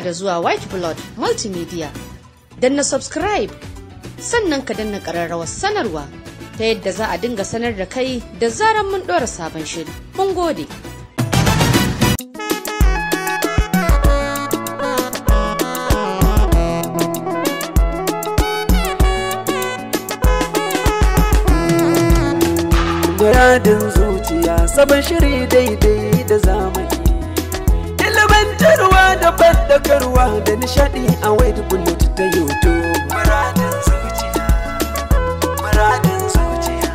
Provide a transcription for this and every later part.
da zuwa white blood multimedia na subscribe sannan ka danna ƙararrawar sanarwa ta yadda za a dinga sanar da kai da zarar mun ɗora sabon shiri mun gode Guradin zuciya sabon shiri daidai da zamani Faɗakarwa da karuwa da nishadi, a da bullet ta yoto Muradin zuciya, muradin zuciya.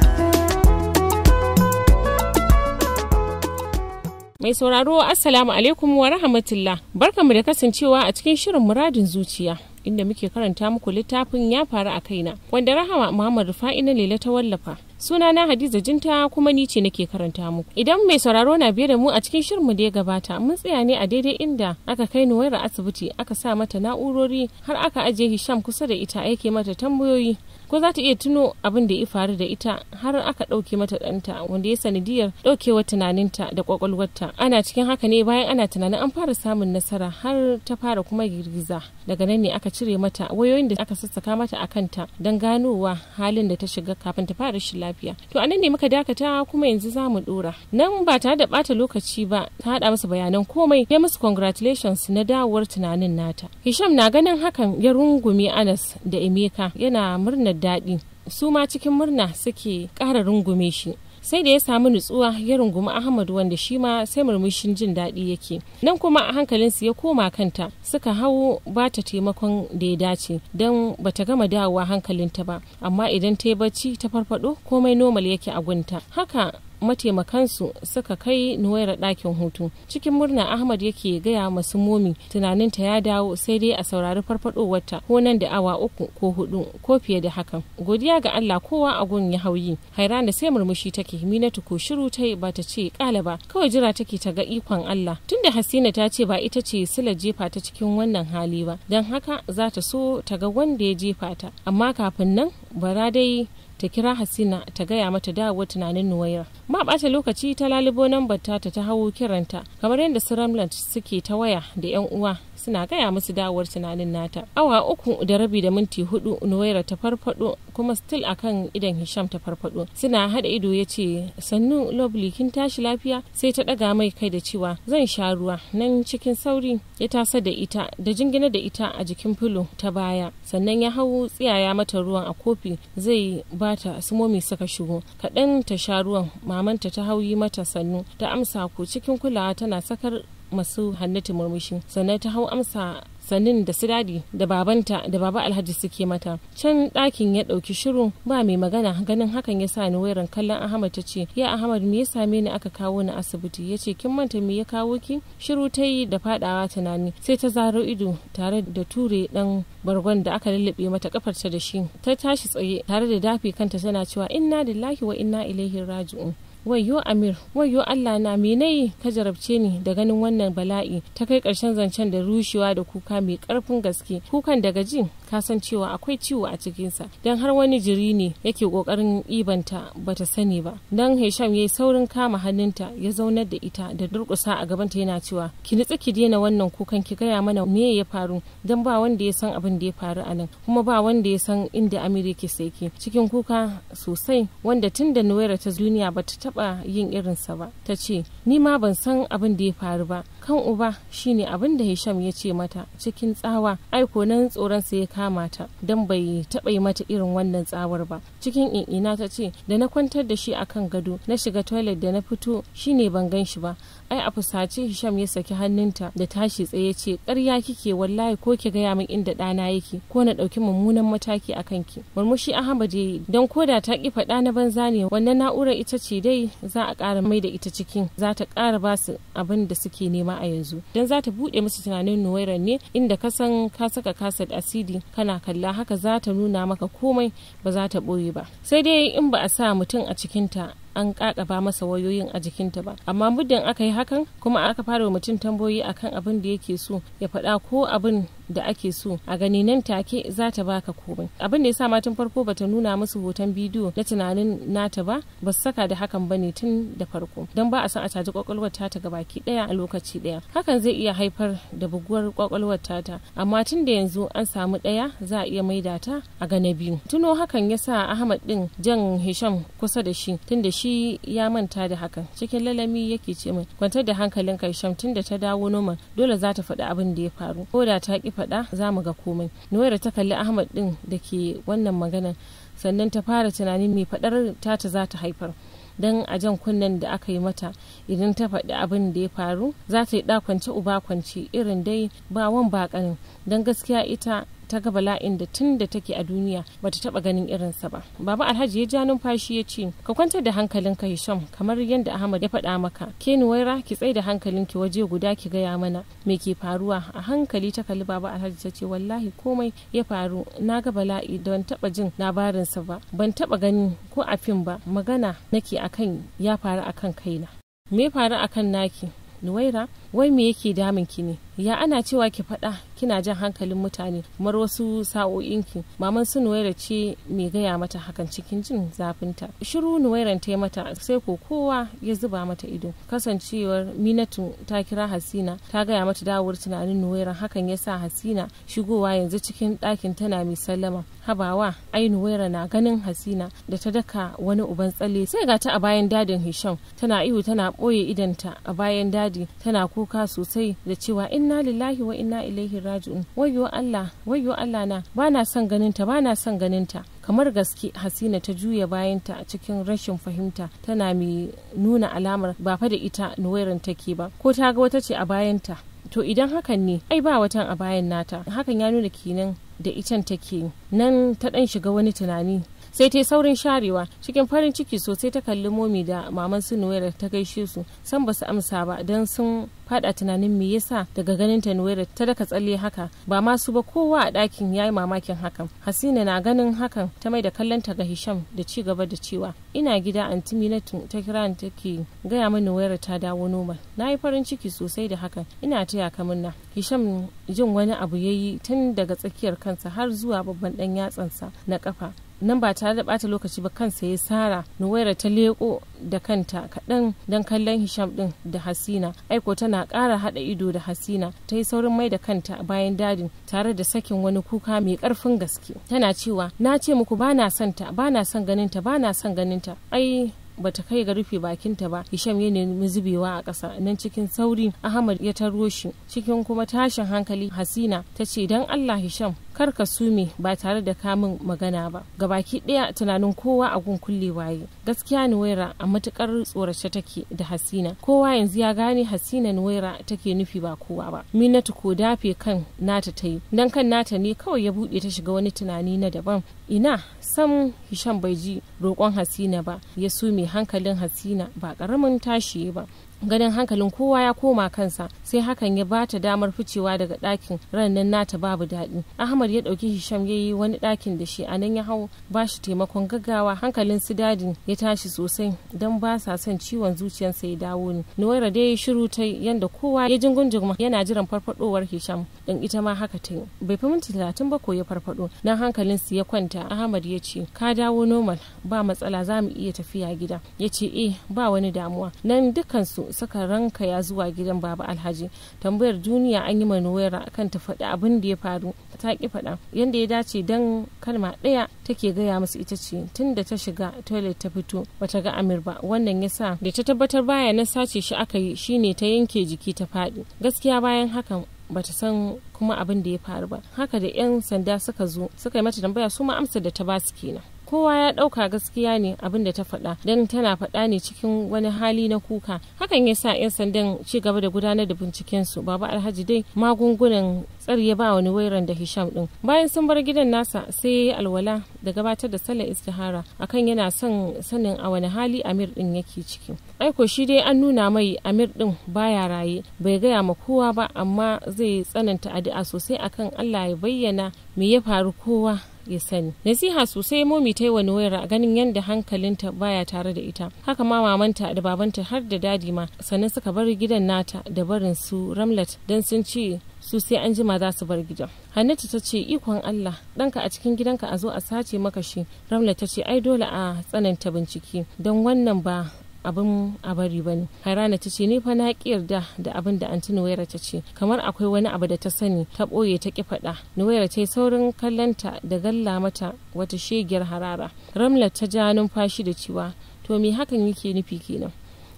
Mai sauraro Assalamu alaikum wa rahmatullah. Barkamu da kasancewa a cikin shirin muradin zuciya. inda muke karanta muku littafin ya faru a kaina wanda rahama Muhammad Rufa'i na Lela ta wallafa suna na Hadiza Jinta kuma ni ce nake karanta muku. Idan mai sauraro na biye da mu a cikin shirin mu da ya gabata mun tsaya ne a daidai inda aka kai ni wayar asibiti aka sa mata na'urori har aka ajiye Hisham kusa da ita aike mata tambayoyi ko za ta iya tuno abin da ya faru da ita har aka ɗauke mata ɗanta wanda ya sanadiyar ɗaukewar tunaninta da ƙwaƙwalwarta ana cikin haka ne bayan ana tunanin an fara samun nasara har ta fara kuma girgiza daga nan ne aka cire mata wayoyin da aka sassaka mata a kanta don ganowa halin da ta shiga kafin ta fara shi lafiya to anan ne muka dakata kuma yanzu za mu ɗora nan ba tare da ɓata lokaci ba ta haɗa masa bayanan komai ya musu congratulations na dawowar tunanin nata hisham na ganin hakan ya rungume anas da emeka yana murnar daɗi su ma cikin murna suke ƙara rungume shi sai da ya samu nutsuwa ya rungumi ahmad wanda shi ma sai murmushin jin daɗi yake nan kuma a hankalinsu ya koma kanta suka hau ba ta taimakon da ya dace don ba ta gama dawowa hankalinta ba amma idan ta yi bacci ta farfado komai nomal yake a gunta haka mataimakansu suka kai nuwayar ɗakin hutu cikin murna ahmad yake gaya masu momi tunaninta ya dawo sai dai a saurari farfadowarta ko nan da awa uku ko hudu ko fiye da hakan godiya ga allah kowa a gun ya hauyi hairana sai murmushi take ta ko shiru ta ba ta ce kala ba kawai jira take ta ga ikon allah tunda hasina ta ce ba ita ce sila jefa ta cikin wannan hali ba don haka za ta so ta ga wanda ya jefa ta amma kafin nan bara dai ta kira hasina ta gaya mata dawo tunanin nuwaira ba bata lokaci ta lalubo nan ta ta hawo kiranta kamar yadda su suke ta waya da yan uwa suna gaya musu dawowar tunanin nata awa uku da rabi da minti hudu nuwaira ta farfado kuma still akan idan hisham ta farfado suna hada ido ya ce sannu lovely kin tashi lafiya sai ta daga mai kai da cewa zan sha ruwa nan cikin sauri ya tasa da ita da jingina da ita a jikin filo ta baya sannan ya hau tsiyaya mata ruwan a kofi zai bata sumomi suka shigo kaɗan ta sha ruwan mamanta ta hauyi mata sannu ta amsa ko cikin kulawa tana sakar masu hannatu murmushi sannan ta hau amsa sannin da su dadi da babanta da baba alhaji suke mata can dakin ya ɗauki shiru ba mai magana ganin hakan ya sa ni wayar kallon ahmad ta ce ya ahmad me ya same ni aka kawo ni asibiti ya ce kin manta me ya kawo ki shiru ta yi da fadawa tunani sai ta zaro ido tare da ture dan bargon da aka lullube mata kafarta da shi ta tashi tsaye tare da dafi kanta tana cewa inna lillahi wa inna ilaihi raji'un wayyo amir wayyo allah na me yi ka jarabce ni da ganin wannan bala'i ta kai ƙarshen zancen da rushewa da kuka mai ƙarfin gaske kukan daga ji ka san cewa akwai ciwo a cikinsa don har wani jiri ne yake ƙoƙarin ibanta bata sani ba don hesham ya yi saurin kama hannunta ya zaunar da ita da durƙusa a gabanta yana cewa ki nitsi ki daina wannan kukan ki gaya mana me ya faru don ba wanda ya san abin da ya faru a nan kuma ba wanda ya san inda amir yake saiki cikin kuka sosai wanda tun da nuwaira ta duniya bata taba yin irinsa ba ta ce ni ma ban san abin da ya faru ba kan uba shine abin da hisham ya ce mata cikin tsawa aiko nan tsoron sa ya kama ta don bai taɓa yi mata irin wannan tsawar ba cikin in'ina ta ce da na kwantar da shi akan gado na shiga toilet da na fito shine ban gan shi ba ai a fusace hisham ya saki hannunta da tashi tsaye ce karya kike wallahi ko ki gaya min inda dana yake ko na ɗauki mummunan mataki akan ki murmushi ahmad ya yi don koda ta ƙi faɗa na banza ne wannan na'urar ita ce dai za a ƙara mai da ita cikin za ta ƙara ba su abin da suke nema a yanzu don za ta buɗe musu tunanin nuwairar ne inda ka san ka saka kasar asidi kana kalla haka za ta nuna maka komai ba za ta ɓoye ba sai dai in ba a sa mutum a cikinta an kakaba masa wayoyin a jikinta ba amma muddin aka yi hakan kuma aka fara mutum tambayoyi akan abin da yake so ya faɗa ko abin da ake so a gani nan take za ta baka komai abin da yasa sa tun farko bata nuna musu hoton bidiyo na tunanin nata ba ba su saka da hakan bane tun da farko don ba a san a caji kwakwalwar ta ga baki daya a lokaci daya hakan zai iya haifar da buguwar kwakwalwar tata amma tun da yanzu an samu daya za a iya maida ta a gane biyu tuno hakan yasa ahmad din jan hisham kusa da shi tun da shi ya manta da hakan cikin lalami yake ce mai kwantar da hankalin hisham tun da ta dawo noman dole za ta faɗi abin da ya faru ko da ta ki faɗa za mu ga komai nuwaira ta kalli ahmad ɗin da ke wannan maganan sannan ta fara tunanin mai faɗar tata za ta haifar don a jan kunnen da aka yi mata idan ta faɗi abin da ya faru za ta yi ɗakwance uba kwance irin dai ba wan bakanin don gaskiya ita ta ga bala'in da tun da take a duniya ba ta taba ganin irinsa ba baba alhaji ya ja numfashi ya ce ka kwantar da hankalinka hisham kamar yadda ahmad ya faɗa maka ke nuwaira ki tsai da hankalinki waje guda ki gaya mana me ke faruwa a hankali ta kalli baba alhaji ta ce wallahi komai ya faru na ga bala'i da ban taba jin labarinsa ba ban taba ganin ko a fim ba magana nake akan ya faru akan kaina me faru akan naki nuwaira wai me yake damun ki ne ya ana cewa ki faɗa kina jan hankalin mutane kamar wasu sa'o'inki maman su nuwaira ce mai gaya mata hakan cikin jin zafinta shiru nuwairan ta yi mata sai ko kowa ya zuba mata ido kasancewar minatu ta kira hasina ta gaya mata dawowar tunanin nuwairan hakan ya sa hasina shigowa yanzu cikin ɗakin tana mai sallama habawa ai nuwaira na ganin hasina da ta daka wani uban tsalle sai ga ta a bayan dadin hisham tana ihu tana ɓoye idanta a bayan dadi tana kuka sosai da cewa inna lillahi wa inna ilaihi raju'u wayyo Allah wayyo Allah na bana son ganin ta bana son ganin ta kamar gaske hasina ta juya bayanta a cikin rashin fahimta tana mai nuna alamar ba fa da ita nuwairin take ba ko ta ga wata ce a bayanta to idan hakan ne ai ba watan a bayan nata hakan ya nuna kenan da itan take nan ta dan shiga wani tunani sai ta saurin sharewa cikin farin ciki sosai ta kalli momi da maman su ta gaishe su san ba su amsa ba don sun fada tunanin me yasa daga ganin ta nuwaira ta daka tsalle haka ba ma su ba kowa a ɗakin ya yi mamakin hakan hasina na ganin hakan ta mai da kallon ta ga hisham da ci gaba da cewa ina gida anti minatu ta kira ni take gaya min nuwaira ta dawo noma na yi farin ciki sosai da hakan ina taya ka na hisham jin wani abu ya yi tun daga tsakiyar kansa har zuwa babban ɗan yatsansa na kafa nan ba tare da bata lokaci ba kansa ya sara nuwaira ta leko da kanta kaɗan don kallon hisham ɗin da hasina aiko tana ƙara haɗa ido da hasina ta yi saurin mai da kanta bayan dadin tare da sakin wani kuka mai ƙarfin gaske tana cewa na ce muku ba na son ta ba na son ganin ta ba na son ganin ta ai bata kai ga rufe bakinta ba hisham ya nemi zubewa a ƙasa nan cikin sauri ahmad ya taro shi cikin kuma tashin hankali hasina ta ce don allah hisham kar ka sume ba tare da kamun magana ba ga baki ɗaya tunanin kowa a gun kulle waye gaskiya nuwaira a matukar tsorace take da hasina kowa yanzu ya gane hasina nuwaira take nufi ba kowa ba minatu ko dafe kan nata ta yi dan kan nata ne kawai ya buɗe ta shiga wani tunani na daban ina sam hisham bai ji roƙon hasina ba ya sume hankalin hasina ba ƙaramin tashi ba ganin hankalin kowa ya koma kansa sai hakan ya ba ta damar ficewa daga ɗakin rannan nata babu daɗi ahmad ya ɗauki hisham ya yi wani ɗakin da shi a nan ya hau ba shi taimakon gaggawa hankalin su dadi ya tashi sosai don ba sa son ciwon zuciyarsa ya dawo ni nuwaira dai ya shiru ta yanda kowa ya ji gunjuma yana jiran farfadowar hisham ɗin ita ma haka ta yi bai fi minti talatin ba ko ya farfado dan hankalin su ya kwanta ahmad ya ce ka dawo normal ba matsala za mu iya tafiya gida ya ce eh ba wani damuwa nan dukkan su saka ranka ya zuwa gidan baba alhaji tambayar duniya an yi manowar kan ta faɗi abin da ya faru ta ki faɗa yadda ya dace dan kalma ɗaya take gaya musu ita ce tun da ta shiga toilet ta fito bata ga amir ba wannan ya sa da ta tabbatar baya na sace shi aka yi shine ta yanke jiki ta faɗi gaskiya bayan hakan bata san kuma abin da ya faru ba haka da 'yan sanda suka zo suka yi mata tambaya su ma amsa da ta basu kenan kowa ya ɗauka gaskiya ne abin da ta faɗa don tana faɗa ne cikin wani hali na kuka hakan ya sa 'yan sandan ci gaba da gudanar da bincikensu baba alhaji dai magungunan tsari ya ba wani wairan da hisham ɗin bayan sun bar gidan nasa sai ya yi alwala da gabatar da sallar istihara akan yana son sanin a wani hali amir ɗin yake ciki aiko shi dai an nuna mai amir ɗin baya raye bai gaya ma kowa ba amma zai tsananta addu'a sosai akan allah ya bayyana me ya faru kowa ya sani nasiha sosai momi ta yi wa a ganin yadda hankalinta baya tare da ita haka ma mamanta da babanta har da dadi ma sannan suka bar gidan nata da barin su ramlat don sun ce su sai an jima za su bar gidan hannatu ta ce ikon allah ɗanka a cikin gidanka a zo a sace maka shi ramlet ta ce ai dole a tsananta bincike don wannan ba abin a bari ba ne harana ta ce ni fa na ki yarda da abin da anti nuwaira ta ce kamar akwai wani abu da ta sani ta ɓoye ta ki faɗa nuwaira ta yi saurin kallonta da galla mata wata shegiyar harara ramla ta ja numfashi da cewa to me hakan yake nufi kenan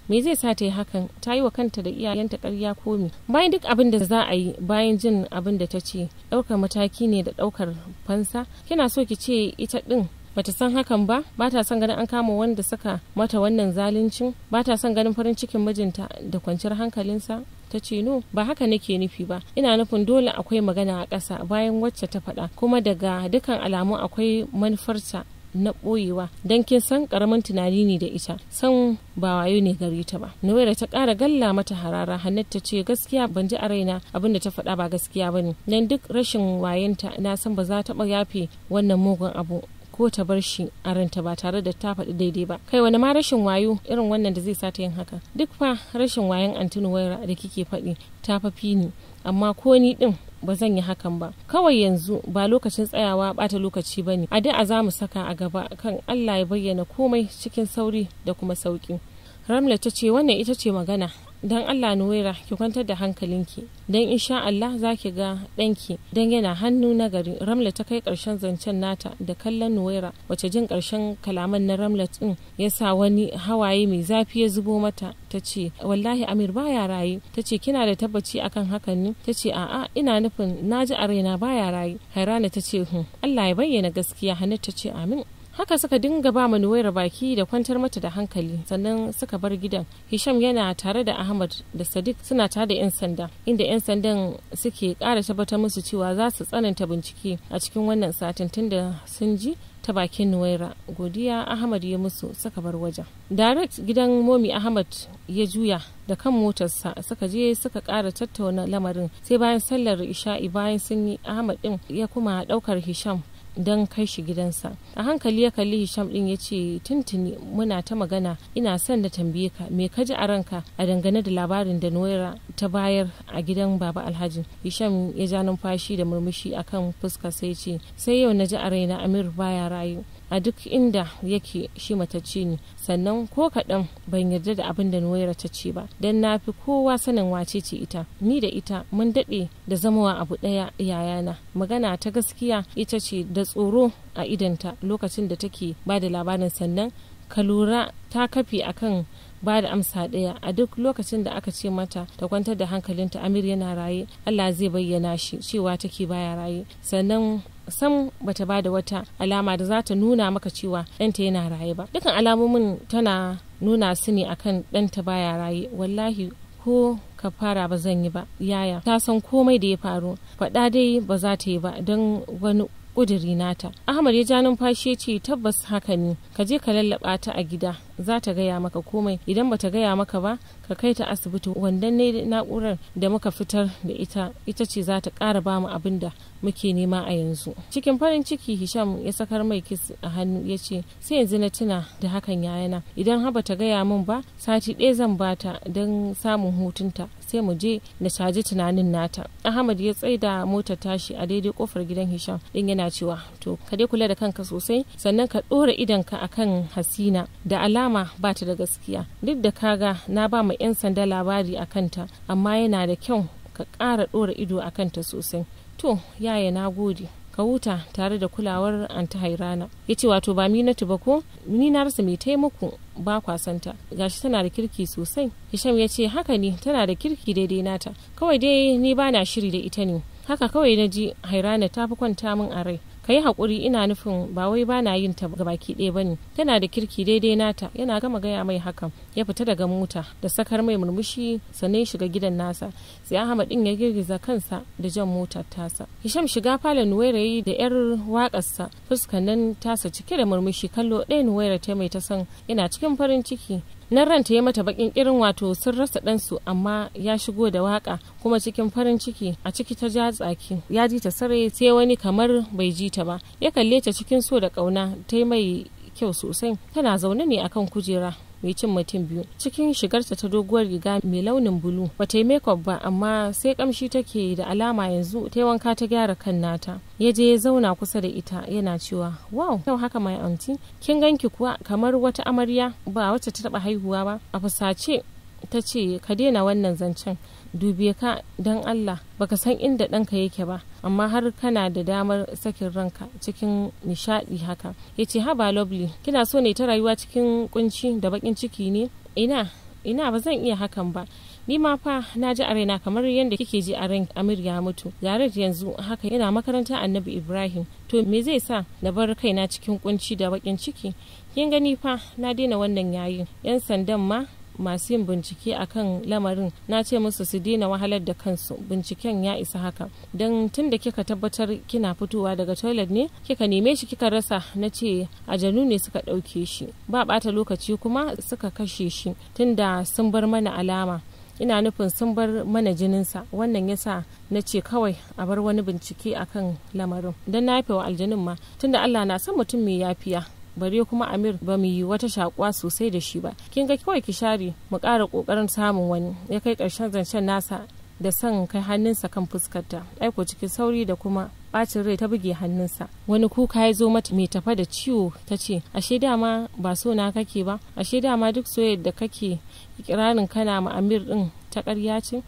me zai sa ta yi hakan ta yi wa kanta da iyayenta karya ko me bayan duk abin da za a yi bayan jin abin da ta ce ɗaukar mataki ne da ɗaukar fansa kina so ki ce ita ɗin bata san hakan ba bata son ganin an kama wanda suka mata wannan zaluncin bata son ganin farin cikin mijinta da kwanciyar hankalinsa ta ce no ba haka nake nufi ba ina nufin dole akwai magana a ƙasa bayan wacce ta faɗa kuma daga dukan alamu akwai manufarta na ɓoyewa don kin san ƙaramin tunani ne da ita san ba wayo ne gare ta ba nuwaira ta ƙara galla mata harara hannat ta ce gaskiya ban ji a raina abin da ta faɗa ba gaskiya ba ne nan duk rashin wayenta na san ba za ta yafe wannan mugun abu ko ta bar shi a ranta ba tare da ta faɗi daidai ba kai wani ma rashin wayo irin wannan da zai sa ta yin haka duk fa rashin wayan antinu waira da kike faɗi ta fafi ni amma ko ni din ba zan yi hakan ba kawai yanzu ba lokacin tsayawa bata lokaci ba ne a da za mu saka a gaba kan allah ya bayyana komai cikin sauri da kuma sauki ramla ta ce wannan ita ce magana don allah nuwaira ki kwantar da hankalinki don insha allah za ki ga ɗanki don yana hannu na gari ramla ta kai ƙarshen zancen nata da kallon nuwaira wace jin ƙarshen kalaman na ramla ɗin ya sa wani hawaye mai zafi ya zubo mata ta ce wallahi amir baya raye ta ce kina da tabbaci akan hakan ne ta ce a'a ina nufin na ji a raina baya raye hairana ta ce hun allah ya bayyana gaskiya hannu ta ce amin haka suka dinga ba nuwaira baki da kwantar mata da hankali sannan suka bar gidan hisham yana tare da ahmad da sadiq suna tare da 'yan sanda inda 'yan sandan suke kara tabbatar musu cewa za su tsananta bincike a cikin wannan satin tunda sun ji ta bakin nuwaira godiya ahmad ya musu suka bar wajen direct gidan momi ahmad ya juya da kan motarsa suka je suka kara tattauna lamarin sai bayan sallar isha'i bayan sun yi ahmad din ya kuma daukar hisham don kai shi gidansa a hankali ya kalli hisham din ya ce tuntuni muna ta magana ina son da tambaye ka me ka ji a ranka a dangane da labarin da noira ta bayar a gidan baba alhaji hisham ya ja numfashi da murmushi akan fuska sai ce sai yau na ji a raina amir baya rayu a duk inda yake shi matacce ne sannan ko kaɗan ban yarda da abin da nuwaira ta ce ba don na fi kowa sanin wace ce ita ni da ita mun daɗe da zamawa abu ɗaya yayana magana ta gaskiya ita ce da tsoro a idanta lokacin da take ba da labarin sannan ka lura ta kafe akan ba da amsa ɗaya a duk lokacin da aka ce mata ta kwantar da hankalinta amir yana raye allah zai bayyana shi cewa take baya raye sannan sam bata ba da wata alama da za ta nuna maka cewa ɗanta yana raye ba dukan alamomin tana nuna su ne akan ɗanta baya raye wallahi ko ka fara ba zan yi ba yaya ta san komai da ya faru faɗa dai ba za ta yi ba don wani ƙudiri nata ahmad ya ja numfashi ya ce tabbas haka ne ka je ka lallaɓa ta a gida za ta gaya maka komai idan bata gaya maka ba ka kai ta asibiti wanda ne na'urar da muka fitar da ita ita ce za ta ƙara ba mu abin da muke nema a yanzu cikin farin ciki hisham ya sakar mai kis a hannu ya ce sai yanzu na tuna da hakan ya yana idan haba ta gaya min ba sati ɗaya zan bata don samun hutunta sai mu je na caji tunanin nata ahmad ya tsaida mota tashi a daidai kofar gidan hisham din yana cewa to ka dai kula da kanka sosai sannan ka ɗora idanka akan hasina da alama kama ba ta da gaskiya duk da kaga na ba ma 'yan sanda labari a kanta amma yana da kyau ka ƙara ɗora ido a kanta sosai to yaya na gode ka huta tare da kulawar anti hairana ya ce wato ba minatu ba ko ni na rasa mai taimako ba kwasanta gashi tana da kirki sosai hisham ya ce haka ne tana da kirki daidai nata kawai dai ni ba na shiri da ita ne haka kawai na ji hairana ta fi kwanta min a rai ka yi haƙuri ina nufin ba wai ba na yin ta gabaki ɗaya ba ne tana da kirki daidai nata yana gama gaya mai hakan ya fita daga mota da sakar mai murmushi sannan shiga gidan nasa sai ahmad ɗin ya girgiza kansa da jan motar tasa hisham shiga falon nuwaira yi da yar waƙarsa fuskan nan tasa cike da murmushi kallo ɗaya nuwaira ta mai ta san yana cikin farin ciki nan ranta ya mata bakin irin wato sun rasa ɗansu amma ya shigo da waka kuma cikin farin ciki a ciki ta ja tsaki ya ji ta sarai sai wani kamar bai ji ta ba ya kalle ta cikin so da ƙauna ta mai kyau sosai tana zaune ne akan kujera mai cin mutum biyu cikin shigarta ta doguwar riga mai launin bulu bata yi makeup ba amma sai kamshi take da alama yanzu ta wanka ta gyara kan nata ya je ya zauna kusa da ita yana cewa wow yau haka mai amti? kin ganki kuwa kamar wata amarya ba wacce ta taba haihuwa ba a fusace ta ce ka daina wannan zancen dubiye ka don allah baka san inda ɗanka yake ba amma har kana da damar sakin ranka cikin nishaɗi haka ya ce haba lovely kina so ne ta rayuwa cikin kunci da bakin ciki ne ina ina ba zan iya hakan ba ni ma fa na ji a kamar yadda kike ji a ran amir ya mutu yaret yanzu haka yana makarantar annabi ibrahim to me zai sa na bar kaina cikin kunci da bakin ciki kin gani fa na daina wannan yayin yan sandan ma masu yin bincike a kan lamarin na ce musu su daina wahalar da kansu binciken ya isa haka don tun da kika tabbatar kina fitowa daga toilet ne kika neme shi kika rasa na ce a janu ne suka ɗauke shi ba bata lokaci kuma suka kashe shi tun da sun bar mana alama ina nufin sun bar mana jininsa wannan ya sa na ce kawai a bar wani bincike akan lamarin don na wa aljanin ma tunda allah na san mutum mai yafiya bare kuma amir ba mu yi wata shakuwa sosai da shi ba kin ga kawai ki share mu kara ƙoƙarin samun wani ya kai ƙarshen zancen nasa da son kai hannunsa kan fuskarta aiko cikin sauri da kuma bacin rai ta buge hannunsa wani kuka ya zo mata mai tafa da ciwo ta ce ashe dama ba so na kake ba ashe dama duk soyayyar da kake ikirarin kana ma amir din ta karya ce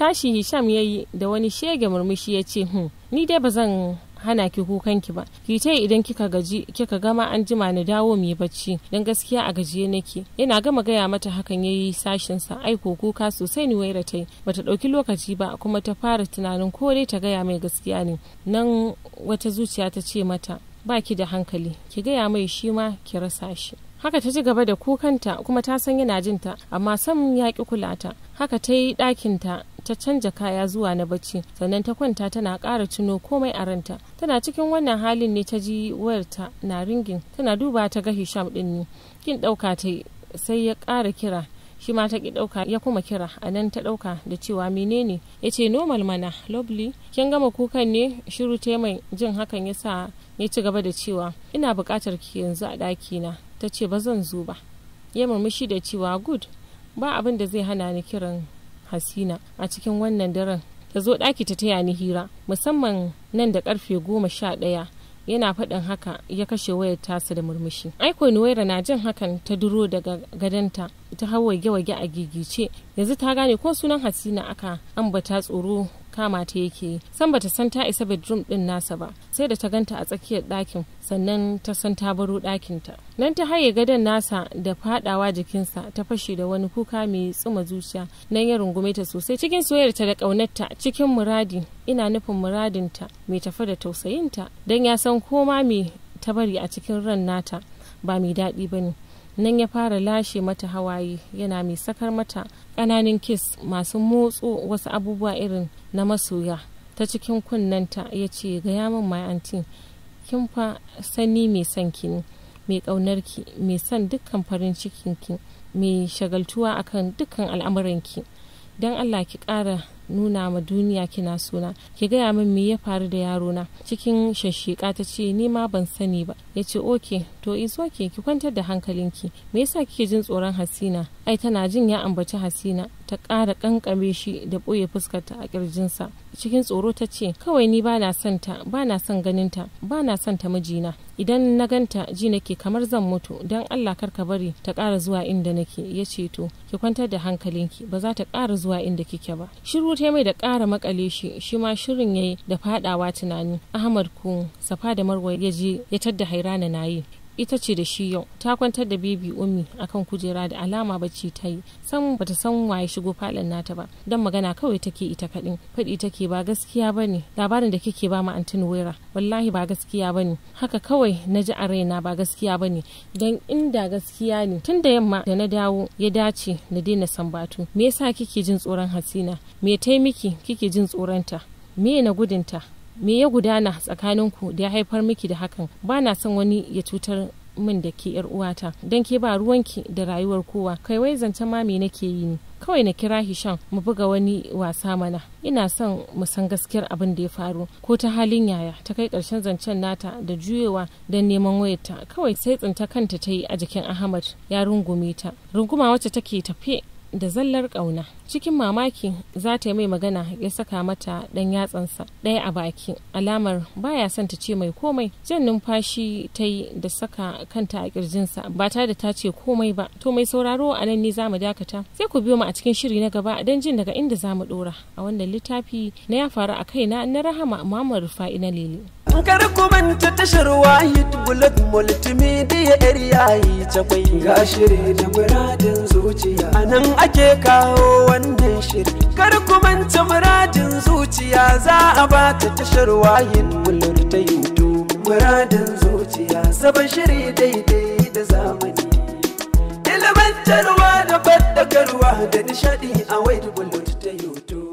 tashi hisham ya yi da wani shege murmushi ya ce hmm, ni dai ba zan hana ki kukan ki ba ki ce idan kika gaji kika gama an jima na dawo mu yi bacci dan gaskiya a gajiye nake yana gama gaya mata hakan yayi sashin sa ai ko kuka sosai ni waira tai bata dauki lokaci ba kuma ta fara tunanin ko dai ta gaya mai gaskiya ne nan wata zuciya ta ce mata ba ki da hankali ki gaya mai shi ma ki rasa shi haka ta ci gaba da kukanta kuma ta san yana jinta amma sam ya ki kula ta haka ta yi ɗakinta ta canja kaya zuwa na bacci sannan ta kwanta tana kara tuno komai a ranta tana cikin wannan halin ne ta ji wayarta na ringin tana duba ta ga hisham ɗin ne kin ɗauka ta sai ya kara kira shi ma ta ki ɗauka ya kuma kira a nan ta ɗauka da cewa menene ya ce normal mana lovely kin gama kukan ne shiru ta mai jin hakan ya sa ya ci gaba da cewa ina buƙatar ki yanzu a ɗakina ta ce ba zan zo ba ya murmushi da cewa good ba abin da zai hana ni kiran hasina a cikin wannan daren ta zo ɗaki ta taya ni hira musamman nan da karfe goma sha ɗaya yana faɗin haka ya kashe wayar tasa da murmushi aiko nuwaira na jin hakan ta duro daga gadon ta hau wage-wage a gigice yanzu ta gane ko sunan hasina aka ambata tsoro kama ta yake san bata san ta isa bedroom din nasa ba sai da ta ganta a tsakiyar ɗakin sannan ta san ta baro ɗakinta nan ta haye gadon nasa da fadawa jikinsa ta fashe da wani kuka mai tsuma zuciya nan ya rungume ta sosai cikin soyayyarta da ƙaunarta cikin muradi ina nufin muradinta mai tafi da tausayinta don ya san koma mai ta bari a cikin ran nata ba mai daɗi ba ne nan ya fara lashe mata hawaye yana mai sakar mata ƙananin kis masu motso wasu abubuwa irin na masoya ta cikin kunnanta ya ce gaya min my auntie kin fa sani mai son ki ne mai ƙaunar ki mai son dukkan farin cikin ki mai shagaltuwa akan dukkan al'amuran ki don Allah ki ƙara nuna ma duniya kina suna ki gaya min me ya faru da yaro na cikin shashika ta ce ni ma ban sani ba ya ce oke to is ke ki kwantar da hankalinki me yasa kike jin tsoron hasina ai tana jin ya ambaci hasina ta ƙara kankame shi da ɓoye fuskarta a ƙirjinsa cikin tsoro ta ce kawai ni bana son ta bana son ganin ta bana son ta mijina idan na ganta ji nake kamar zan mutu don allah kar ka bari ta ƙara zuwa inda nake ya ce to ki kwantar da hankalinki ba za ta ƙara zuwa inda kike ba shiru shiru mai da ƙara makale shi shi ma shirin yayi da fadawa tunani ahmad ku safa da marwa ya je ya tadda hairana na yi ita ce da shi yau ta kwantar da bibi ummi akan kujera da alama bacci ta yi san bata san waye shigo falon nata ba dan magana kawai take ita kadin faɗi take ba gaskiya bane labarin da kike ba ma antin wera wallahi ba gaskiya bane haka kawai na ji a raina ba gaskiya bane dan inda gaskiya ne tun da yamma da na dawo ya dace na daina sambatu me yasa kike jin tsoron hasina me taimaki kike jin tsoronta me na gudunta me ya gudana tsakaninku da ya haifar miki da hakan ba na son wani ya cutar min da ke yar uwata don ke ba ruwanki da rayuwar kowa kai wai zance ma me nake yi ne kawai na kira Hisham mu buga wani wasa mana ina son mu san gaskiyar abin da ya faru ko ta halin yaya ta kai karshen zancen nata da juyewa don neman wayarta kawai sai tsinta kanta ta yi a jikin Ahmad ya rungume ta runguma wacce take tafe da zallar kauna cikin mamaki za ta yi mai magana ya saka mata ɗan yatsansa ɗaya a baki alamar baya son ta ce mai komai jan numfashi ta yi da saka kanta a kirjinsa ba ta da ta ce komai ba to mai sauraro a nan ne za mu dakata sai ku biyo mu a cikin shiri na gaba don jin daga inda za mu ɗora a wanda littafi na ya faru a kaina na rahama mamar rufa'i na lele. kar tashar wahid bullet multimedia area yi ta kwai ga shiri da muradin zuciya anan ake kawo wannan shiri kar ku manta muradin zuciya za a ba ta tashar wayin mulur ta youtube muradin zuciya sabon shiri daidai da zamani ilimantarwa da fadakarwa da nishadi a wayar bullet ta youtube